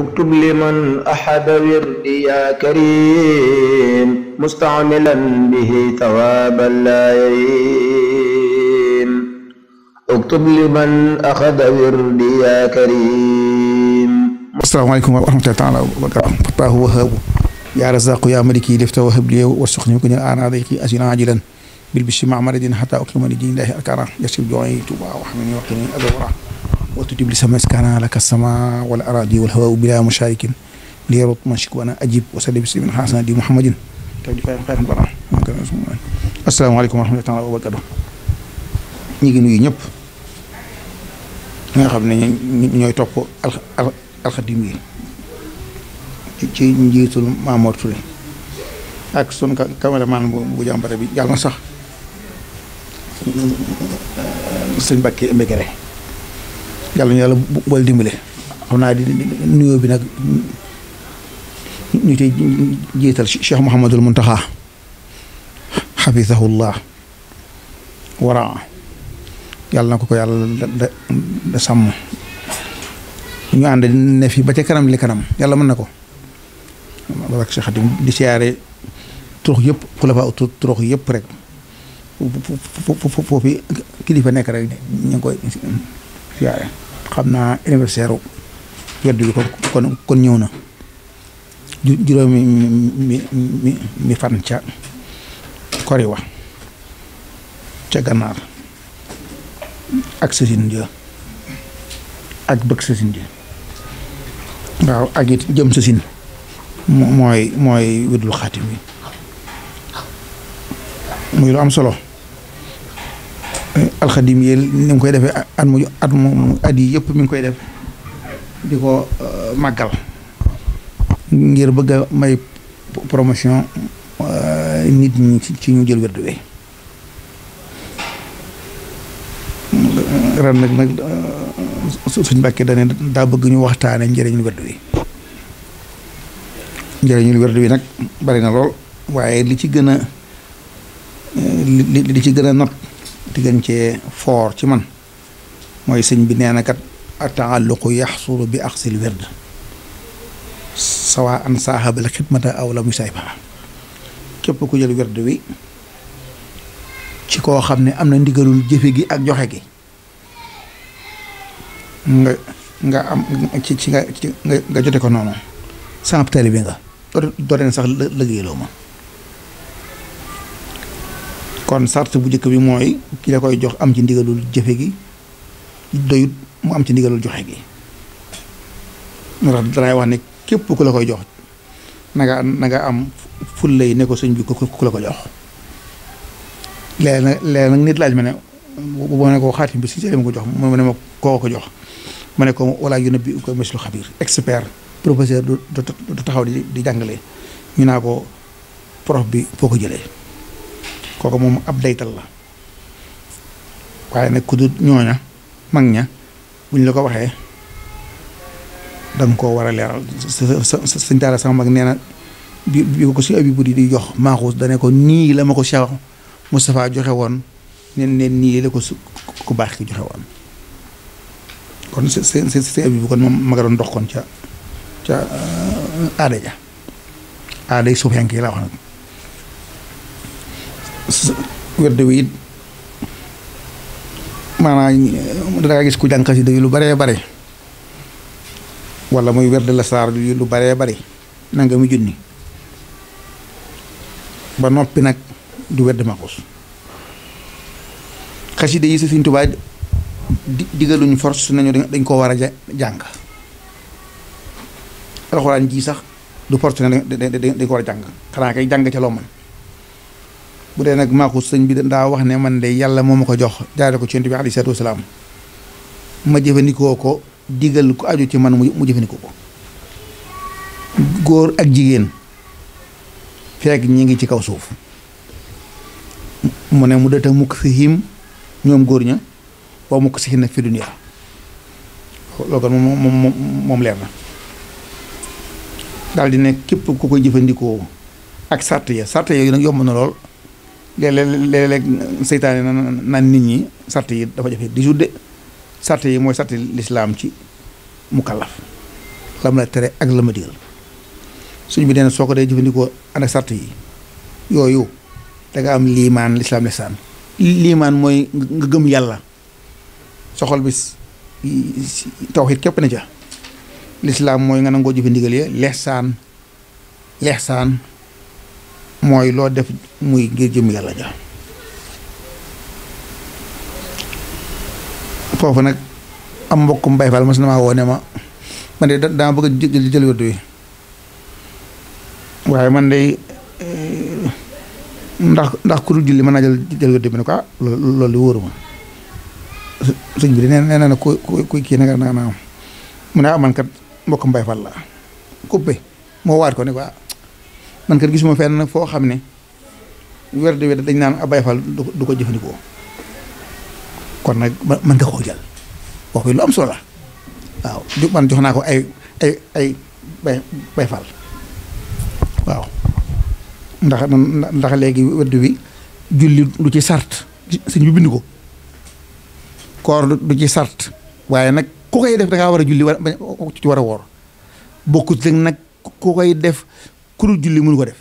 اكتب لمن أحب وردي يا كريم مستعملا به ثوابا لا يريم اكتب لمن أخذ وردي يا كريم السلام عليكم ورحمة الله تعالى وبركاته وهاب يا رزاق يا ملكي لفت وهب لي وارزقني وكن أنا ضيقي أزين عاجلا بالبشي مع مرض حتى أكرم لدين الله أركانا يسيب دعائي توبا وحمني وقني أدورا وتجب لسما إسكانا لك السماء والأراضي والهواء بلا مشارك ليرد منشك وأنا أجيب وسلم بسلم حسنا دي محمد asalaamaaleykum wa rahmatulah wa barakatu ñu ngi nuyu ñëpp ñi nga xam ñooy topp alxadim yi ci bu jàmbare bi yàlla na sax sëñ Mbàkke Mbegere yàlla ñu yàlla boole dimbale xam naa di nuyoo bi nag ñu tey jiital Cheikh Mouhamadul Muntaxa xafisahullah waraa yàlla na ko ko yàlla da sàmm ñu ànd ne fi ba ca kanam li kanam yàlla mën na ko barak Cheikh Xadim di siyaare turux yëpp ku la fa turux yëpp rek foofu kilifa nekk rek ñu ngi koy waaye xam naa anniversaire werd bi kon kon ñëw na juróomi mi mi mi fan ca kori wa ca gannaar ak sasin jë ak bëgg sasin jë waaw ak it jëm sasin mooy mooy wirdul xaatim bi muy lu am solo alxadim yéen ni mu koy defee at mu at mu at yi yëpp mi ngi koy def di ko euh, màggal ngir bëgg a may promotion euh, nit ñi ci ñu jël wérdu bi ren nag nag euh, suñ mbàkkee dane daa bëgg ñu waxtaane njëriñul wérdu bi njëriñul wérdu bi nag bari na lool waaye li ci gën a li li ci gën a not di gën cee foor ci man moy sëñ bi neena kat ataalluqu bi axsil wird sawa an al khidmata aw la musayba kep ku jël wird wi ci ko xamne ne am ndigalul jëfe gi ak joxe gi nga nga am ci ci nga nga jotté ko noonu sànq taalibe nga doo leen sax ma kon sart bu njëkk bi mooy ki la koy jox am ci ndigalul jëfe gi doyut mu am ci ndigalul joxe gi moo tax danaay wax ne képp ku la koy jox na nga na am fulla yi ne ko sëñ bi ku la ko jox léegi nag léegi nag nit laaj ma ne boo ne ko xaatim bi si sëñ ma ko jox mu ne ma koo ko jox ma ne ko wala yu ne bi ko monsieur xabir expert professeur du taxaw di di jàngale ñu naa ko prof bi foo ko jëlee kooku moom ab daytal la waaye nag ku ñooña mag ña buñ la ko waxee danga koo war a leeral sëñ Taala sama mag nee na bi bi ko si abi budi di jox maaxuus dane ko nii la ma ko Cheikh Moustapha joxe woon neen neen ko ku baax ki joxe woon kon si abi bi kon moom ma nga doon dox kon ca ca aada ja aaday suuf yank yi la wax nag wird mana mereka maanaam da kasih gis ku ya xasida lu bare wala muy wird la saar yu lu baree bare nangga mu junni ba noppi nag du makos maxus xasida yi si Sëriñ Tuubaa force nañu dañ ko war a jàng alxuraan ji sax du force ne dañ ko war a jàng kay bu dee nag maaxu sëñ bi daa wax ne man de yàlla moom ma ko jox jaare ko ci yonent bi alayhi salaatu jëfandikoo ko digal ko aju man mu jëfandikoo ko góor ak jigéen fekk ñi ngi ci kaw suuf mu ne mu data mukk si ñoom góor ña waa mukk si him nag fi moom moom moom leer di ne képp ku koy jëfandikoo ak sart ya sart ya nag yomb na lool léeg-léeg seytaane na naan nit ñi sart yi dafa jafe di judde sart yi mooy sarti lislaam ci mukallaf la ma la tere ak la ma digal suñ bi deen soo ko dee jëfandikoo ànd ak sart yi yooyu da nga am liimaan lislaam lisaan liimaan mooy nga gëm yàlla soxol bi tawxiid képp na ca lislaam mooy nga nangoo jëfe ndigal ya lexsaan mooy loo def muy ngir jëm yàlla ja foofu nag am mbokkum Baay Faal mas na maa woo ne ma man de dama bëgg jël jël wérdu wi waaye man de eh, ndax ndax ku dul julli mën naa jël jël wérdu bi ne ko ah loolu wóoruma sëñ bi de nee na ne ku ku kii nag naa naa mu ne ah man kat mbokkum la coupé moo waat ko ne ko ah, man kat gisuma fenn foo xam ne werd dañ naan a Faal du ko jëfandikoo kon nag mën nga koo jël wax am solo la waaw man jox naa ko ay ay ay Baay waaw ndax ndax léegi wedd julli du ci sart sëñ bi bind ko koor du ci sart waaye nag ku koy def da war a julli war ci war a woor bokkut nag ku koy def kuru julli mënu ko def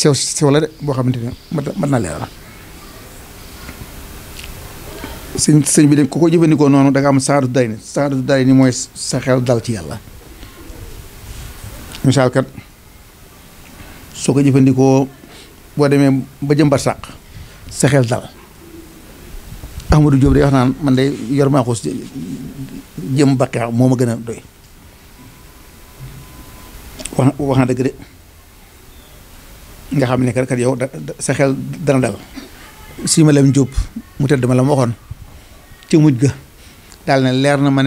sew sew la de bo xamanteni ne na leral sëñ sëñ bi de ko ko jëfandikoo nonu da nga am saadu day ni saadu day ni sa xel dal ci yalla misal kat so ko jëfandikoo bo démé ba jëm sax sa xel dal amadou Diop day wax naan man day yor ma ko jëm bakka moma gëna doy wax wax na dëgg de nga xam ne kat yow sa xel dana dal si ma leen jóob mu tëdd ma la ma waxoon ci mujj ga daal ne leer na ma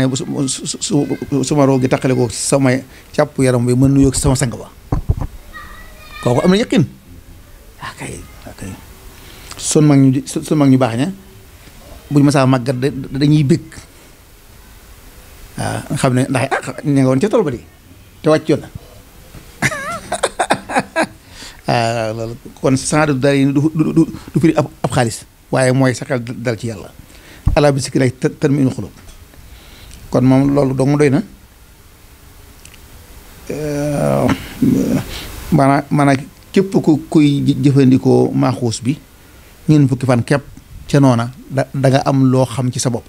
suma roo gi ko sama càpp yaram bi mën nu sama sang ba kooku am na yëqin ah kay ah kay sun mag ñu sun mag ñu baax ña buñ masaa màggat dañuy bég waaw ah, xam ndax ah ña nga woon ca tool ba di te wàcc na kon sanaadu du dari du du du firi ab khalis waye moy sakal dal ci yalla ala bi sikki lay tatma'innu kon mom lolou do mo na mana mana kep ku kuy jëfandikoo maaxuus bi ñun fukki fan kep ci nona da nga am lo xam ci sa bop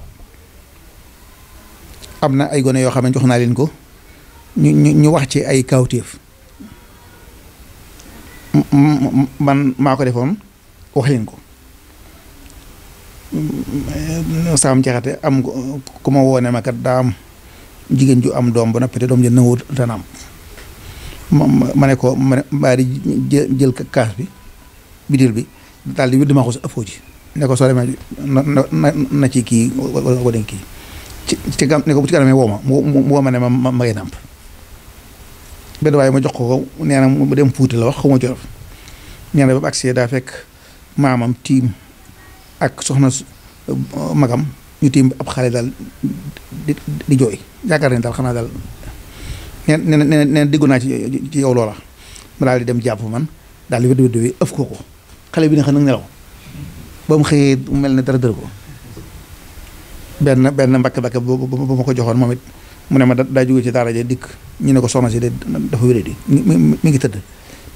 amna ay gone yo xamne joxna len ko ñu ñu wax ci ay kawtéef man maa ko defoon wax leen ko saam jaxate am ku ma woone ma kat daa am jigéen ju am doom ba noppi te doom jël nangu dana ma ne ko ma ne mbaa di jël kaas bi bidil bi daal di widd ma xus ëppoo ji ne ko soo demee na na ci kii wala kii ci ci gam ne ko mu woo ne ma ma nàmp benn waaye ma jox ko ko nee na mu dem Fuuta la xaw ma Jolof nee na ba accès daa fekk maamam tiim ak soxna euh, magam ñu tiim ab xale daal jooy yaakaar ne daal xanaa daal déggu naa ci ci yow loola ma daal di dem jàpp man daal di wéddi wéddi xale bi ne xam nag nelaw ba mel ne dara dër ko benn benn mbàkk mbàkk ba ma ko joxoon moom it mu ne ma daa jóge ci daara ja dikk. ñu ne ko soxna si de dafa wéradi mi ngi tëdd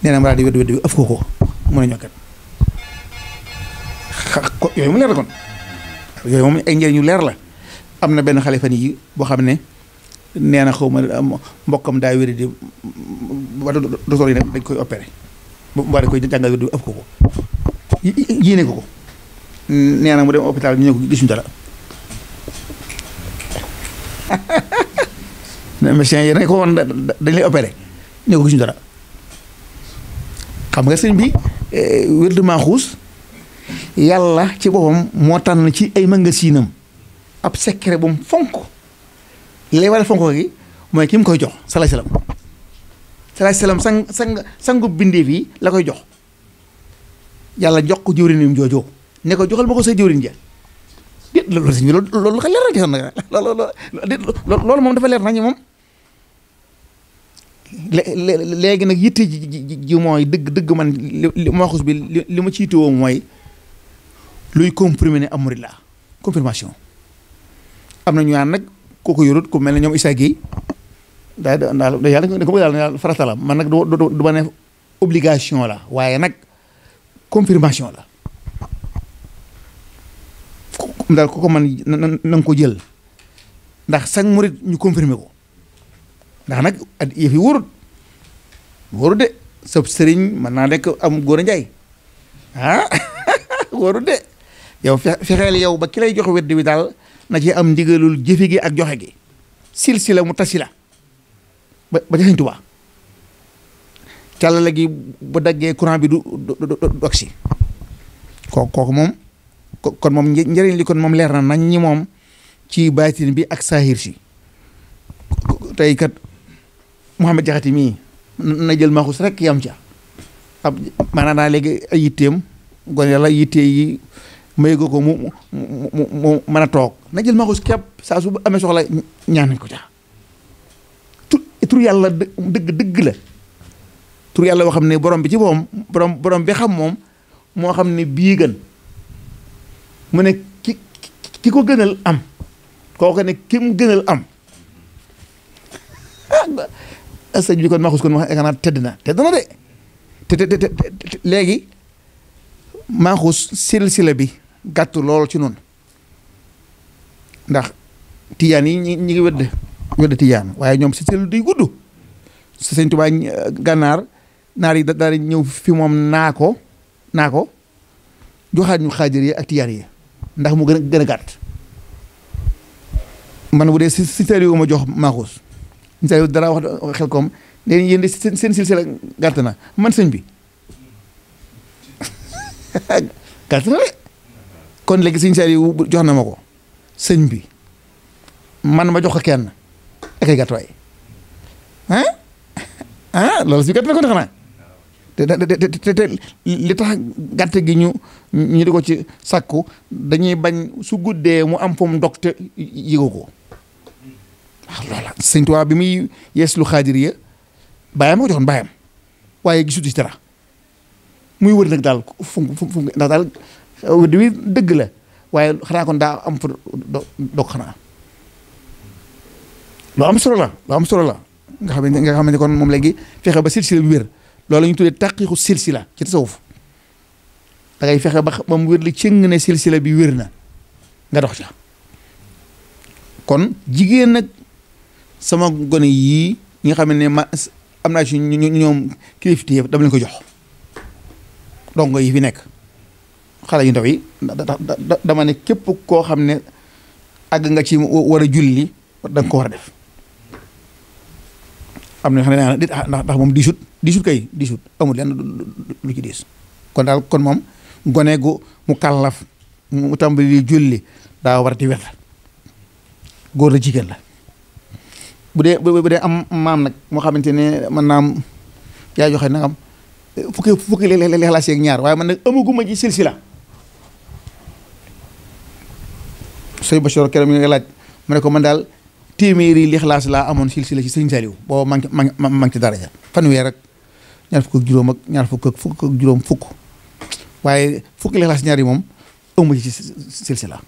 nee na ma daal di wedd wedd bi ëf ko ko mu ne ñokkat yooyu mu leer la am na benn xale fan yi boo xam ne nee na xaw ma mbokkam daa wéradi ba docteur yi ne dañ koy opéré bu mu war koy jàngal wedd bi ëf ko ko yéene ko ko nee na mu dem hôpital ñu ne ko gisuñu dara médecin yi dañ ko woon dañ lay opéré ne ko gisuñu dara xam nga sëñ bi eh, wérdu maaxuus yàlla ci boppam moo tànn ci ay mangasinam ab secret bu mu fonk lay waral fonk gi mooy ki mu koy jox salaay salaam salaay salaam sang sang sangu bindeef yi la koy jox yàlla jox ko jëwriñam joojoo ne ko joxal ma ko sa jëwriñ ja déet loolu sëñ bi loolu loolu leer na loolu moom dafa leer nañu moom léegi nag yitte ji ji mooy dëgg dëgg man li maaxus bi li ma ciite woo mooy luy comprimé ne am murid la confirmation am na ñu naan nag kooku yorut ku mel ne ñoom Issa Guèye daal daal yàlla da ko bëgg man nag du ma obligation la waaye nag confirmation la daal ku ko man na nga jël ndax sax murid ñu confirmer ko ndax nag at yëf yi wóorut wóorut de sab sëriñ mën naa nekk am góor a njaay ah wóorut de yow fexeel yow ba ki lay jox wedd bi daal na ci am ndigalul jëfe gi ak joxe gi silsila mu tasi la ba ba jaxeñ tubaa càllale gi bu daggee courant bi du dog si kooku kooku moom kon moom njëriñ li kon moom leer na nañ ñi moom ci baatin bi ak saahir si tey kat Mouhamed Diakhaté mii na jël maaxus rek yam ca ab maanaam naa léegi ay yitteem gone yàlla yitte yi may ko ko mu mu mu mën a toog na jël maaxus képp saa su amee soxla ñaan nañ ko ca tur tur yàlla dëgg dëgg la tur yàlla boo xam ne borom bi ci moom borom borom bi xam moom moo xam ne bii gën mu ne ki ki ko gënal am kooku ne ki mu gënal am astaj bi kon maxus kon maxus yaakaar naa tedd na tedd na de te te te léegi maxus silsila bi gàtt lool ci noonu ndax tijaan yi ñi ñi ngi wedd wedd tijaan waaye ñoom si selu duy gudd si sëñ Tuubaa gànnaar naar yi da daal di ñëw fi moom naa ko naa ko joxaat ñu yi ak tijaan yi ndax mu gën gën gàtt man bu dee si si selu ma jox maxus Moussa Diop dara wax xel koom léegi yéen de seen seen silsila na man sëñ bi gàtt na kon léegi sëñ Saliou jox na ko sëñ bi man ma jox ko kenn ak ay gàttuwaay ah ah loolu si gàtt na ko de te te te li tax gàtt gi ñu ñu di ko ci sakku dañuy bañ su guddee mu am fu mu dog te ko. waaw ah, loola sëñ Tuubaa bi muy yees lu xaadiriya bàyyam moo joxoon bàyyam waaye gisutu ci dara muy wër nag daal fu mu fu mu ndax daal wër euh, wi dëgg la waaye xanaa kon daa am fa doog xanaa lu am solo la lu am solo la nga xam ne nga xam ne kon moom léegi fexe ba silsila bi wér loolu ñu tuddee taqiqu silsila ci tasawuf da ngay fexe ba ba mu wér li cëng ne silsila bi wér na nga dox ca kon jigéen nag sama gone yii ñi nga xam ne ma am naa ci ñoom kilifti dama leen ko jox dongo yi fi nekk xale yu ndaw yi dama ne képp koo xam ne àgg nga ci war a julli da nga ko war a def am na xam ne ah, ndax ndax moom diisut diisut kay diisut amul lenn lu ci diis kon daal kon moom gone gu mu kàllaf mu tàmbali julli daa war di wet góor la jigéen la bu dee bu dee am maam nag moo xamante ne man naam yaa joxe am nangam fukki fukki lexlaas yeeg ñaar waaye man nag amaguma ci silsila sëñ Bachir keroog mi nga laaj mu ne ko man daal téeméeri lixlaas laa amoon silsila ci sëñ Saliou booba maa ngi ma maa ngi ci daraja fanweer ak ñaar juróom ak fukk ak fukk moom ëmb ci silsila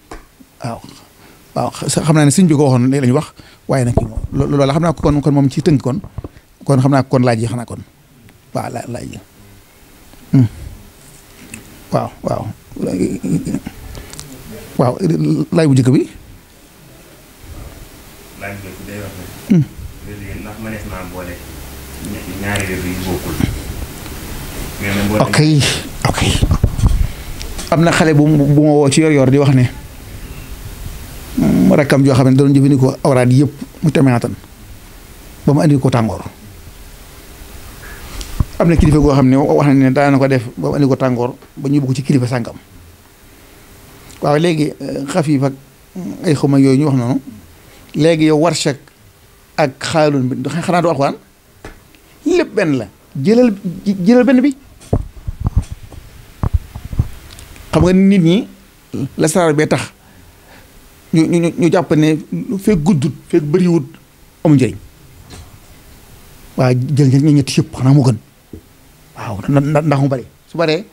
waaw xam naa ne sëñ bi ko waxoon léegi wax waaye nag loolu xam naa kon kon moom ci tënk kon kon xam naa kon laaj yi xanaa kon waaw hmm. laaj bu njëkk bi. laaj bu hmm. am na xale bu bu ma woo ci yor-yor di wax ne. am rakkam joo xam ne doon jëfandikoo awraat yëpp mu tamaatan ba mu andi ko tàngoor am na kilifa goo xam ne wax na ne daana ko def ba mu andi ko tàngoor ba ñu bugg ci kilifa sàngam waaw léegi eh, xafiif ak mm, ay yooyu ñu wax noonu léegi yow warshak ak xaalun bi xanaa du alxuraan lépp benn la jëlal jëlal benn bi xam nga nit ñi la saar bee tax ñu ñu ñu jàpp ne fekk guddut fekk bëriwut amu ñu ñetti yëpp xanaa ndax mu bare su baree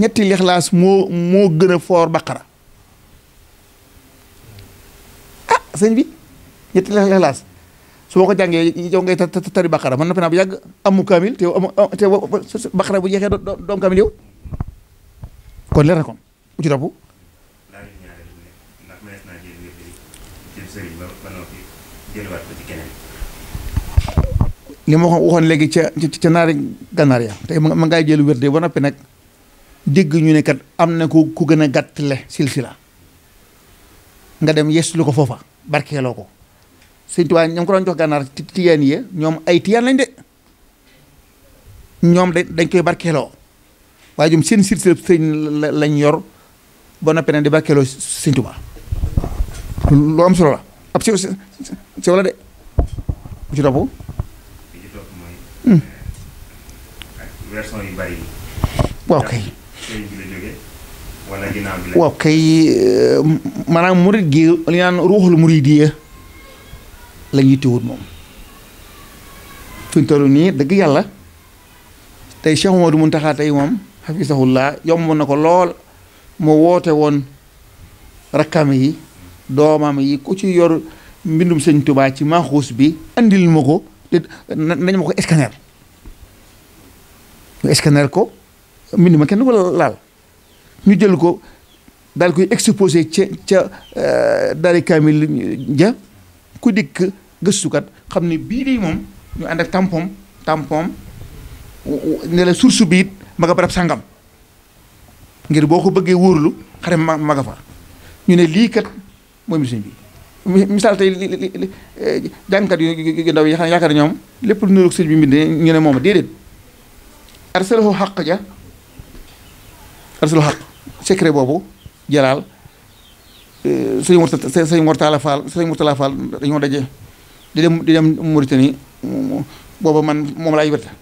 ñetti lixlaas moo gën a foor baqara ah sëñ bi ñetti lixlaas su boo ko jàngee yow ngay tari baqara man noppi naa bu yàgg amu kaamil te amu te bu jeexee doom kaamil yow kon leer na kon bu ci topp. li ma waxoon léegi ca ca naari gànnaar ya tey ma ngay jël wér de ba noppi nag dégg ñu ne kat am na ku ku gën a gàttale silsila nga dem yes ko foofa barkeeloo ko sëñ Tuubaa ñoom ko doon jox gànnaar tiyaan yi ñoom ay tiyaan lañ de ñoom dañ koy barkeeloo Wajum sin sir sir sin lañ yor ba noppi nag di bakelo sëriñ Tuubaa lu am solo la ap ci sew de bu ci topp hmm. waaw kay waaw eh, mana murid gi lian naan ruuxul muridiyya la mom, téwut moom fi mu toll nii dëgg yàlla tey Cheikh laa yomb na ko lool mu woote woon rakkam yi doomam yi ku ci yor mbindum sëñ tubaa ci maaxuus bi andil ma ko te ma ko scanner ñu scanner ko mbind ma kenn du laal ñu jël ko dal koy exposé ca ca euh, daari kaamil ja ku dikk gëstukat xam ne bii di moom ñu ànd ak tampom tampom ne la source bi ma nga barab sangam ngir boko beugé wourlu xare ma ma nga fa ñu ne li kat moy mission bi misaal tey li li eh, yu ndaw yi xana ne ñom lepp lu niroog sëñ bi mbinde ñu ne mom déedéet arsalahu haqq ja arsalahu haqq secret boobu jalaal eh, sëñ Murtala sëñ Murtala Fall sëñ Murtala fal dañu dajé di dem di dem Mauritanie bobu man mom la wërta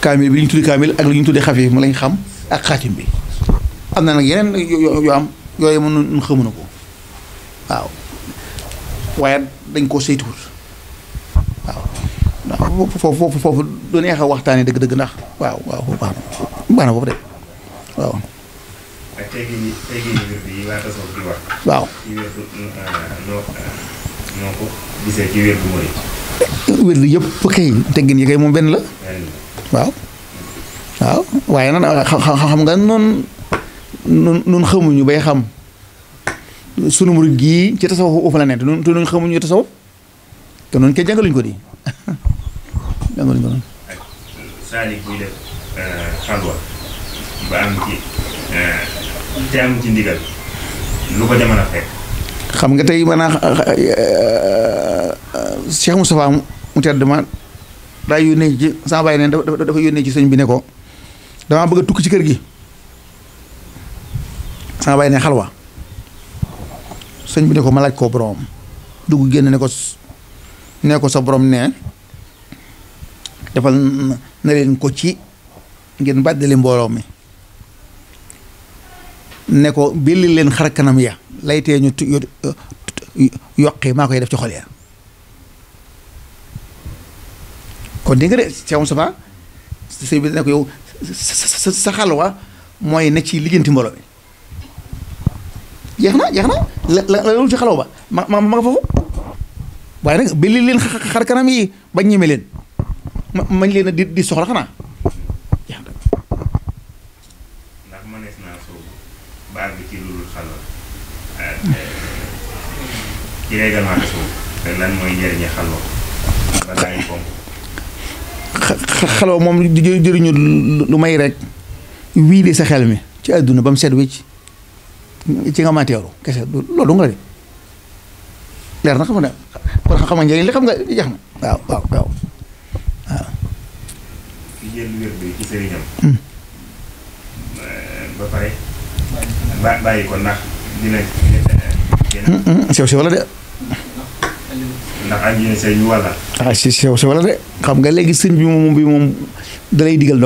kaamil bi li ñu tuddi kaamil ak li ñu tuddi xafi mu lañ xam ak xaatim bi am na nag yeneen yoo am yooyu mën nun xamu na ko waaw waaye dañ koo saytuwut waaw foofu foofu du neex a waxtaanee dëgg-dëgg ndax waaw waaw baax na baax na foofu de waaw waaw wér yëpp kay teggin yi kay moom benn la waaw waaw waaye nag xam nga noonu nun xamuñu bay xam sunu murid gii ci tasawuf ufa la ne te nun xamuñu tasawuf te noonu jàngaluñ ko di xam nga tey maanaam euh, Cheikh Moustapha mu tedd ma daa yónnee ci sama bàyyi neen dafa dafa yónnee ci sëñ bi ne ko damaa bëgg a tukki ci kër gi sama bàyyi ne xalwa sëñ bi ne ko ma laaj koo borom dugg génn ne ko ne ko sa borom ne defal na leen ko ci ngeen bàddali mbooloo mi ne ko billi leen xar kanam ya lay tee ñu yoqi maa koy def ci xol ya kon dégg nga de Cheikh Moustapha sëñ bi dana ko yow sa xalwa mooy na ci liggéenti mbooloo bi jeex na jeex na la la loolu ci xalaw ba ma ma ma nga foofu waaye nag ba leen xar kanam yi ba ñeme leen ma mañ leen a di di soxla xanaa jeex na. mooy njëriñu xalwa xalwa moom di jëriñu lu may rek wii de sa xel mi ci àdduna ba mu set wecc ci nga mateeru kese loolu du nga de leer na xam ne kon xam nga njëriñ li xam nga jeex hmm. hmm, hmm, sew sew la de ndax ak sëñ wala. ah si si wala de xam nga léegi sëñ bi moom bi moom da lay digal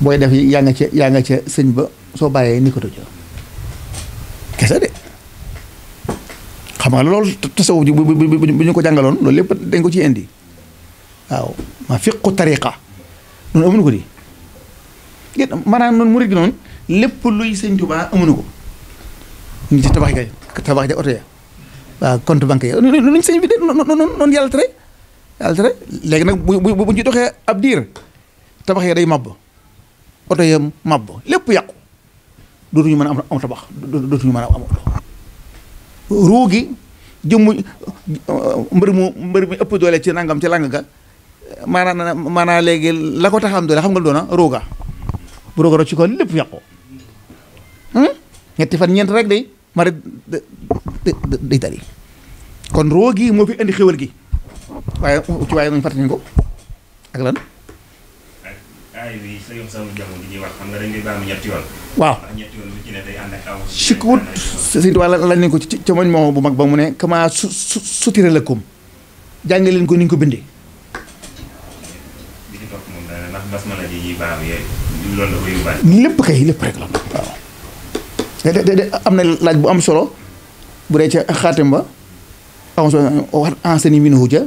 booy def yaa nga ca yaa nga ca sëñ ba soo bàyyee ni ko kese de xam nga loolu tasawuf ji bu bu ñu ko jàngaloon loolu lépp dañ ko ci indi waaw ma fiqu tariqa noonu amuñu ko di gét maanaam noonu murid gi noonu lépp luy sëñ Tuubaa amuñu ko ñu ci tabax kay tabax ja oto ya waaw compte bancaire luñ sëñ bi de noonu yàlla tere yàlla tere léegi nag bu bu bu ñu doxee ab diir tabax ya day màbb oto ya màbb lépp yàqu dootuñu mën a am am tabax dootuñu mën a am gi jëmmu uh, mbër mu mbër mi ëpp doole ci nangam ci lang ga maanaam maanaam léegi la ko tax am doole xam nga doona ah, ruuga bu ruuga rocc ko lépp yàqu hmm? ñetti fan ñeent rek day mari day tari kon roo gi moo fi indi xéwal gi waaye ci waaye nañ fàttali ko ak lan. ay bi sa yom sama jamono di ñuy wax xam nga dañ koy baamu ñetti yoon. waaw ndax ñetti yoon bu ci ne day ànd ak aw. sikkuut sëñ Tuubaa lañ nañ ko ci ca moñ moom bu mag ba mu ne comment su su suturé la koom jàngal leen ko ni ñu ko bindee. bi ci topp moom daanaka ndax basmala ji ñuy baamu yooyu loolu la ko yóbbaale. lépp kay lépp rek la waaw. de de am na laaj bu am solo bu dee ca xaatim ba min huja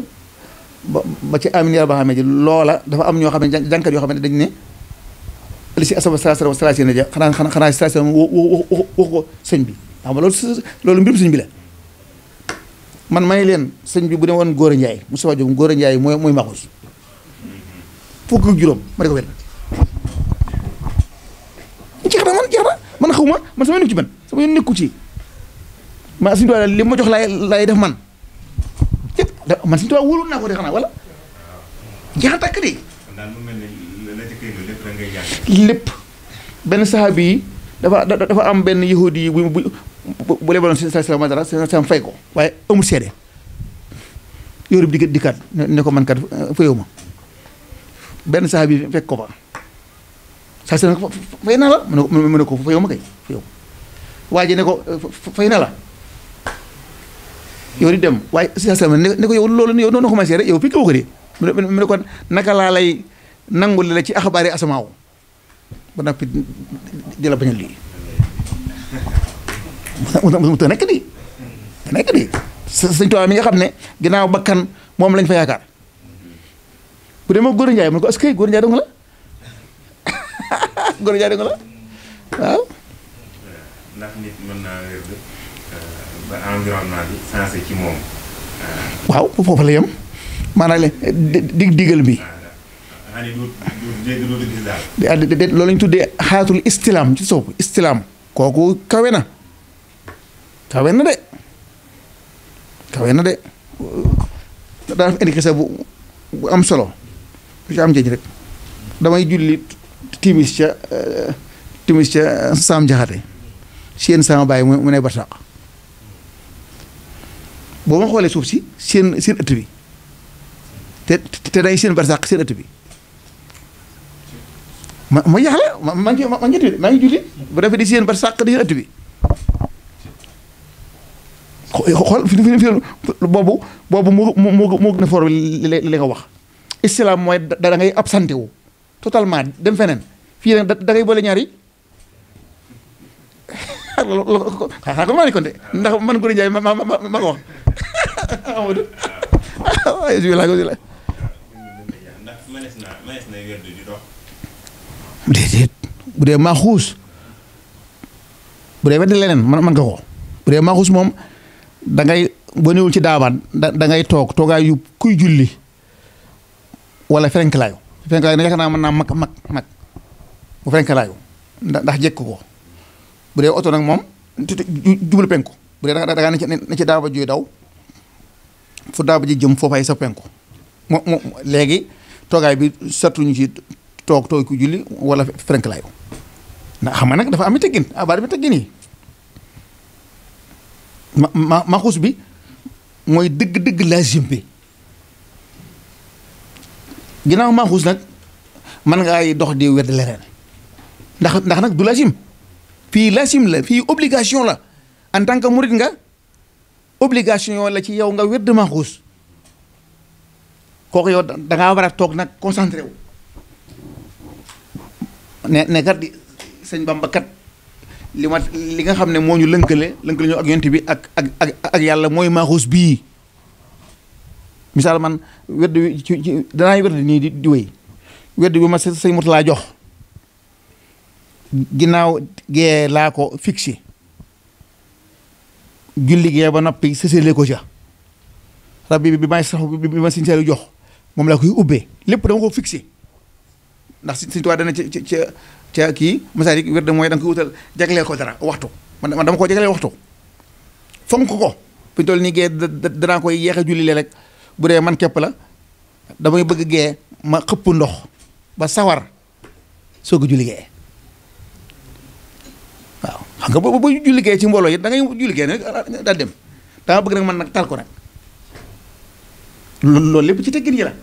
ba ba ci amin yàlla ba xam ne loola dafa am ñoo xam ne jànkat yoo xam ne dañ ne li si asaba sala wa sala na ja xanaa xanaa xanaa station wax wax ko sëñ bi xam nga loolu loolu mbirum sëñ bi la man may leen sëñ bi bu ne woon Gora Ndiaye Moustapha Diop Gora Ndiaye mooy mooy maxus fukk juróom ma ne ko wér ci man jeex man xaw ma man sama nekku ci man sama yoon nekku ci man suñu tubaab li ma jox laay laay def man yëpp man suñu tubaab wóolu naa ko de xanaa wala jaaxal tàkk de. lépp am benn yahudi yi waaye amul bi di dikkaat ne man kat fayoo ma benn saxaabi fekk ko fa. saa si ne ko fay na la mu ne ne ko fa yow ma kay fa yow ko fay na la yow di dem waaye saa si ne ne ko yow loolu yow noonu commencé rek yow fii kaw ko de mu ne ko naka laa lay nangul la ci axabaari asamaaw ba noppi di la bañal lii mu te nekk di te nekk di sëñ Tuubaa mi nga xam ne ginnaaw bakkan moom lañ fa yaakaar bu dee ma góor njaay mu ne ko est-ce que góor njaay dong la ah góor jaay dégg la waaw. ndax nit mën euh, ci moom. Euh. waaw foofu la yem maanaam dig digal bi. Ah, ah, loolu la tuddee xaatul istilaam ci suuf istilaam kooku kawe na kawe na de kawe na de daa def indication bu am solo lu ci am njëriñ rek damay jullit timis ca eh, timis ca eh, sam jaxate sen sama bay mu ne barsaq bo ma xoolee suuf si sen sen ëtt bi te te day sen barsaq sen ëtt bi ma ma jaaxle ma ma ngi ma ngi tuli ma ngi julli bu defee di sen barsaq di ëtt bi xol fi fi fi bobu boobu mo mo moo for li nga wax islam moy da ngay absenté wu totalement dem fenen fi da ngay bolé ñaari ha ko maa ni kon ndax man Ngoné Ndiaye ma ma ma ko wax Amadou waaye si la ko si la. ndax mënees naa mënees na man man da ngay newul ci da ngay yu kuy julli wala fenenklaayu. fenkalaayu nag naa mën naa mag mag mag bu fenkalaayu ndax ndax jekk ko bu dee oto nag moom jublu penku bu dee da ngaa na ci daaba juy daw fu daaba ji jëm foofay sa penku mo mo bi sattuñu ci toog ku julli wala fenkalaayu xam nga nag dafa am teggin abaar ah, bi teggin yi ma ma maxus bi mooy dëgg-dëgg laazim bi ginnaaw maaxuus nag mën ngay dox di wedd leneen ndax ndax nag du lazim fii lazim la fii obligation la en tant que murit nga obligation la ci yow nga wedd maaxuus kooku yow da war a toog nag concentré wu ne nekka di sëñ Bamba kat li ma li nga xam ne moo ñu lënkale lënkale ñu ak yonent bi ak ak ak ak yàlla mooy maaxuus bii. misaal man wedd ci ci danaa wedd nii di di wéy wedd bi ma sëñ laa jox ginnaaw gee laa ko fixé julli gee ba noppi sësale ko ca rabbi bi bi may sax bi ma sëñ Saliou jox moom laa koy ubbee lépp dama ko fixé ndax sëñ Tuubaa dana ci ci ca kii masaalik wedd mooy da nga koy wutal jagleel ko dara waxtu man dama ko jagleel waxtu fonk ko fi nii gee danaa koy yeex a julli rek. bude man kep la damay bëgg gee ma xëpp ndox ba sawar soog a julli waaw nga boobu boo ci mbolo yi da ngay julli gee rek dem da bëgg nak man nak tal ko nak lool lepp ci teggin yi la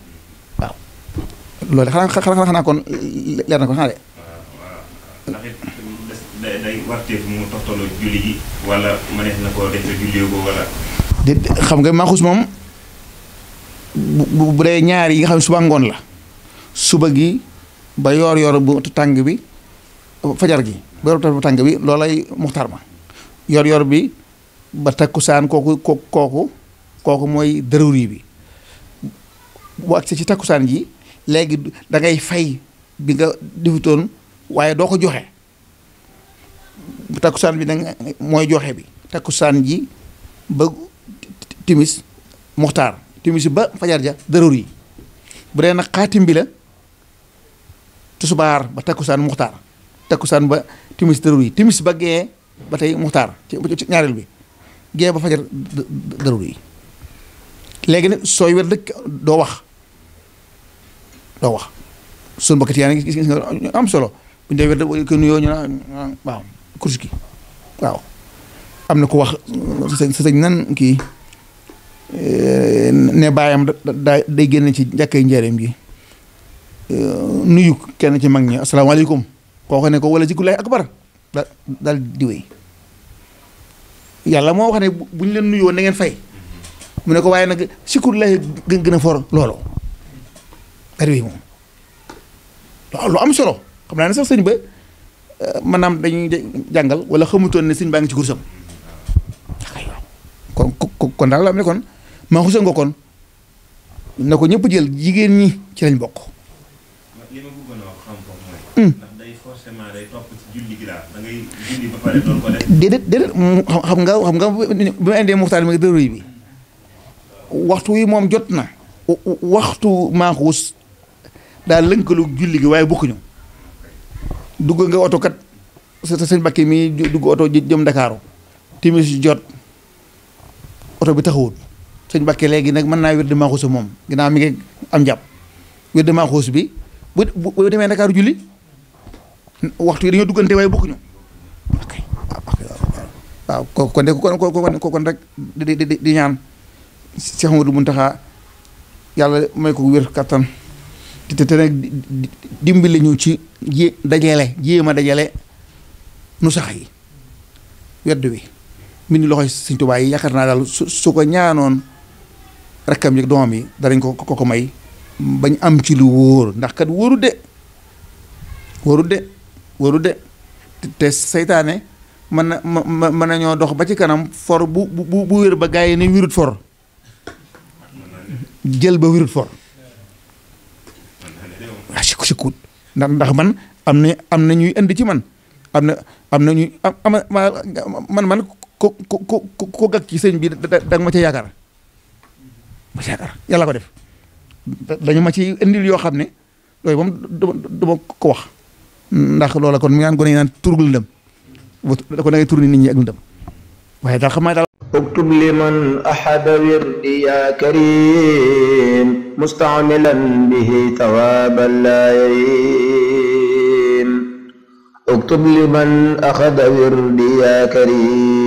waaw. loolu xana xana xana kon leer na ko day day mu toxtolo julli wala mënees na ko def julli go wala. xam nga xus mom bu bu dee ñaar yi nga xam suba la suba gi ba yor yor bu tàng bi fajar gi ba yor bu tàng bi muxtar ma yor yor bi ba takkusaan koku kooku kooku mooy daruri bi bu agsi ci takusan ji léegi da ngay fay bi nga defutoon johe doo ko joxe takusan bi da nga joxe bi takusan ji ba timis muxtaar timis ba fajar ja daruri bu nak nag xaatim bi la tusubaar ba takusan muhtar takusan ba timis daruri timis ba ge ba tay muhtar ci ñaareel bi ge ba fajar daruri léegi nag soy wer dekk do wax do wax sun bakat ya ngi gis am solo bu ndey wer de ko nuyo ñu waaw kurus waaw am ko wax sa nan ki ne baayam da day génne ci jàkkay njaareem ji nuyu kenn ci mag ñi asalaamaaleykum kooku ne ko wala jikku lay akbar da daal di yàlla moo wax ne bu ñu leen nuyoo na ngeen fay mu ne ko waaye nag sikkur lay gën a for loolu bari wi moom lu am solo xam naa ne sax sëñ ba maanaam dañuy jàngal wala xamutoon ne sëñ baa ngi ci kursam kon kon daal la am ne kon maa xusa nga na ko ñëpp jël jigéen ñi ci lañ bokk. li ma mu a xam-xam nga xam nga bi ma indee muxtaar ma déroulé bi waxtu wi moom jot na. waxtu maaxuus daal lënkalu julli gi waaye bokkuñu dugg nga oto kat sa sëñ Bakke mii dugg oto jëm Ndakaaru timis jot oto bi taxawut sëñ Mbàkke léegi nag mën naa wér di maaxuus moom ginnaaw mi ngi am njàpp wér di maaxuus bi bu bu demee Ndakaaru julli waxtu yi dañoo duggante waaye bokkuñu waaw kooku kon de kon kon kon rek di di di ñaan Cheikh Amadou Muntaxa yàlla may ko wér kattan te te nag dimbali ñu ci ji dajale jéem a dajale nu sax yi wedd wi mbind loxoy Sëñ Tuubaa yi yaakaar naa daal su su ko ñaanoon rakkam yi doom yi danañ ko ko ko may bañ am ci lu wóor ndax kat wóoru de wóoru de wóoru de te seytaane mën na mën na nañoo dox ba ci kanam for bu bu bu wér ba gaa yi wirut for jël ba wirut for ah, sikkut ndax man am na na ñuy indi ci man am na am na ñuy am man man ko ko ko ko gàkk ci sëñ bi da ma ca yaakaar ma yaakaar ko def dañu ma ci indil ko wax ndax kon mi gone da ko اكتب لمن أحد وردي يا كريم مستعملا به ثوابا لا يريم اكتب لمن أخذ وردي يا كريم